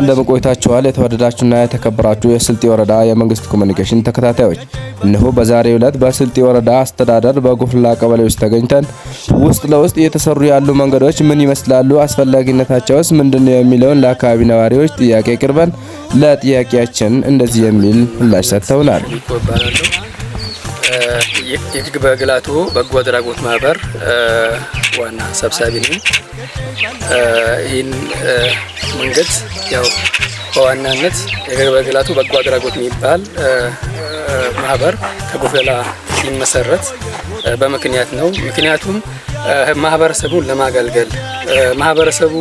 እንደምን ቆይታችኋል? የተወደዳችሁና የተከበራችሁ የስልጤ ወረዳ የመንግስት ኮሚኒኬሽን ተከታታዮች፣ እነሆ በዛሬው ዕለት በስልጤ ወረዳ አስተዳደር በጎፍላ ቀበሌ ውስጥ ተገኝተን ውስጥ ለውስጥ እየተሰሩ ያሉ መንገዶች ምን ይመስላሉ፣ አስፈላጊነታቸውስ ምንድን ነው የሚለውን ለአካባቢ ነዋሪዎች ጥያቄ ቅርበን ለጥያቄያችን እንደዚህ የሚል ምላሽ ሰጥተውናል። የጅግባ ገላቱ በጎ አድራጎት ማህበር ዋና ሰብሳቢ ነኝ። ይህን መንገድ ያው በዋናነት የጅግባ ገላቱ በጎ አድራጎት የሚባል ማህበር ከጎፈላ ሲመሰረት በምክንያት ነው። ምክንያቱም ማህበረሰቡን ለማገልገል ማህበረሰቡ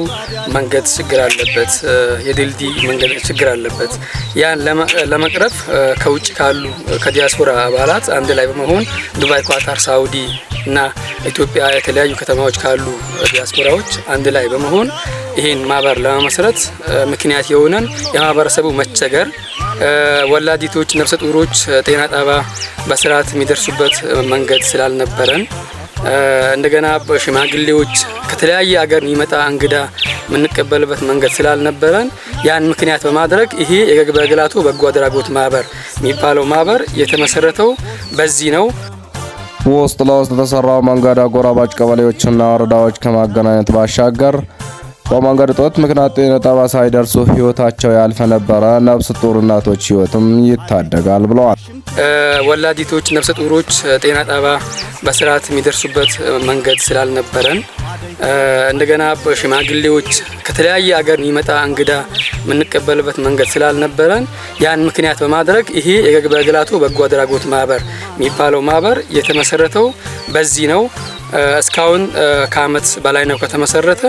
መንገድ ችግር አለበት፣ የድልድይ መንገድ ችግር አለበት። ያን ለመቅረፍ ከውጭ ካሉ ከዲያስፖራ አባላት አንድ ላይ በመሆን ዱባይ፣ ኳታር፣ ሳውዲ እና ኢትዮጵያ የተለያዩ ከተማዎች ካሉ ዲያስፖራዎች አንድ ላይ በመሆን ይህን ማህበር ለመመስረት ምክንያት የሆነን የማህበረሰቡ መቸገር ወላዲቶች፣ ነፍሰ ጡሮች ጤና ጣባ በስርዓት የሚደርሱበት መንገድ ስላልነበረን እንደገና በሽማግሌዎች ከተለያየ ሀገር የሚመጣ እንግዳ የምንቀበልበት መንገድ ስላልነበረን ያን ምክንያት በማድረግ ይሄ የገግበግላቱ በጎ አድራጎት ማህበር የሚባለው ማህበር የተመሰረተው በዚህ ነው። ውስጥ ለውስጥ የተሰራው መንገድ አጎራባጭ ቀበሌዎችና ወረዳዎች ከማገናኘት ባሻገር በመንገድ እጦት ምክንያት ጤና ጠባሳ ሳይደርሱ ህይወታቸው ያልፈ ነበረ ነፍሰ ጡር እናቶች ህይወትም ይታደጋል ብለዋል። ወላዲቶች፣ ነፍሰ ጡሮች ጤና ጣባ በስርዓት የሚደርሱበት መንገድ ስላልነበረን እንደገና በሽማግሌዎች ከተለያየ ሀገር የሚመጣ እንግዳ የምንቀበልበት መንገድ ስላልነበረን ያን ምክንያት በማድረግ ይሄ የገግበግላቱ በጎ አድራጎት ማህበር የሚባለው ማህበር የተመሰረተው በዚህ ነው። እስካሁን ከአመት በላይ ነው ከተመሰረተ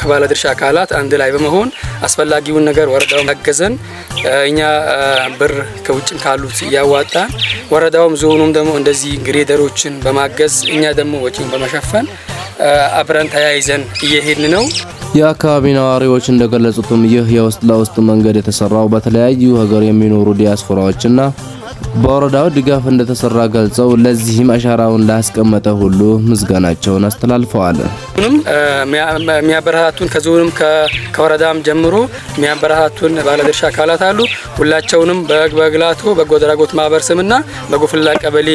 ከባለድርሻ አካላት አንድ ላይ በመሆን አስፈላጊውን ነገር ወረዳው ያገዘን፣ እኛ ብር ከውጭም ካሉት እያዋጣን፣ ወረዳውም ዞኑም ደግሞ እንደዚህ ግሬደሮችን በማገዝ እኛ ደግሞ ወጪን በመሸፈን አብረን ተያይዘን እየሄድን ነው። የአካባቢ ነዋሪዎች እንደገለጹትም ይህ የውስጥ ለውስጥ መንገድ የተሰራው በተለያዩ ሀገር የሚኖሩ ዲያስፖራዎችና በወረዳው ድጋፍ እንደተሰራ ገልጸው ለዚህም አሻራውን ላስቀመጠ ሁሉ ምስጋናቸውን አስተላልፈዋል። የሚያበረታቱን ከዞንም ከወረዳም ጀምሮ የሚያበረታቱን ባለድርሻ አካላት አሉ። ሁላቸውንም በግላቱ በጎ አድራጎት ማህበር ስምና በጎፍላ ቀበሌ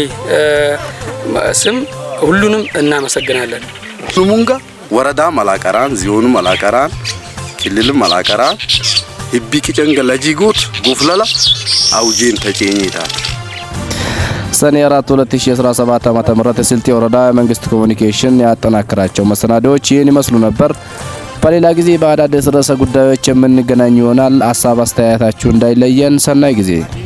ስም ሁሉንም እናመሰግናለን። ሙንጋ ወረዳ አላቀራን፣ ዚሆኑ አላቀራን፣ ክልልም አላቀራን ሂቢቅጨንገ ለጂጉት ጉፍለላ አውጄን ተጬኝ ይላል። ሰኔ 4 2017 ዓ.ም የስልጤ ወረዳ የመንግስት ኮሚኒኬሽን ያጠናከራቸው መሰናዶዎች ይህን ይመስሉ ነበር። በሌላ ጊዜ በአዳዲስ ርዕሰ ጉዳዮች የምንገናኝ ይሆናል። ሀሳብ አስተያየታችሁ እንዳይለየን። ሰናይ ጊዜ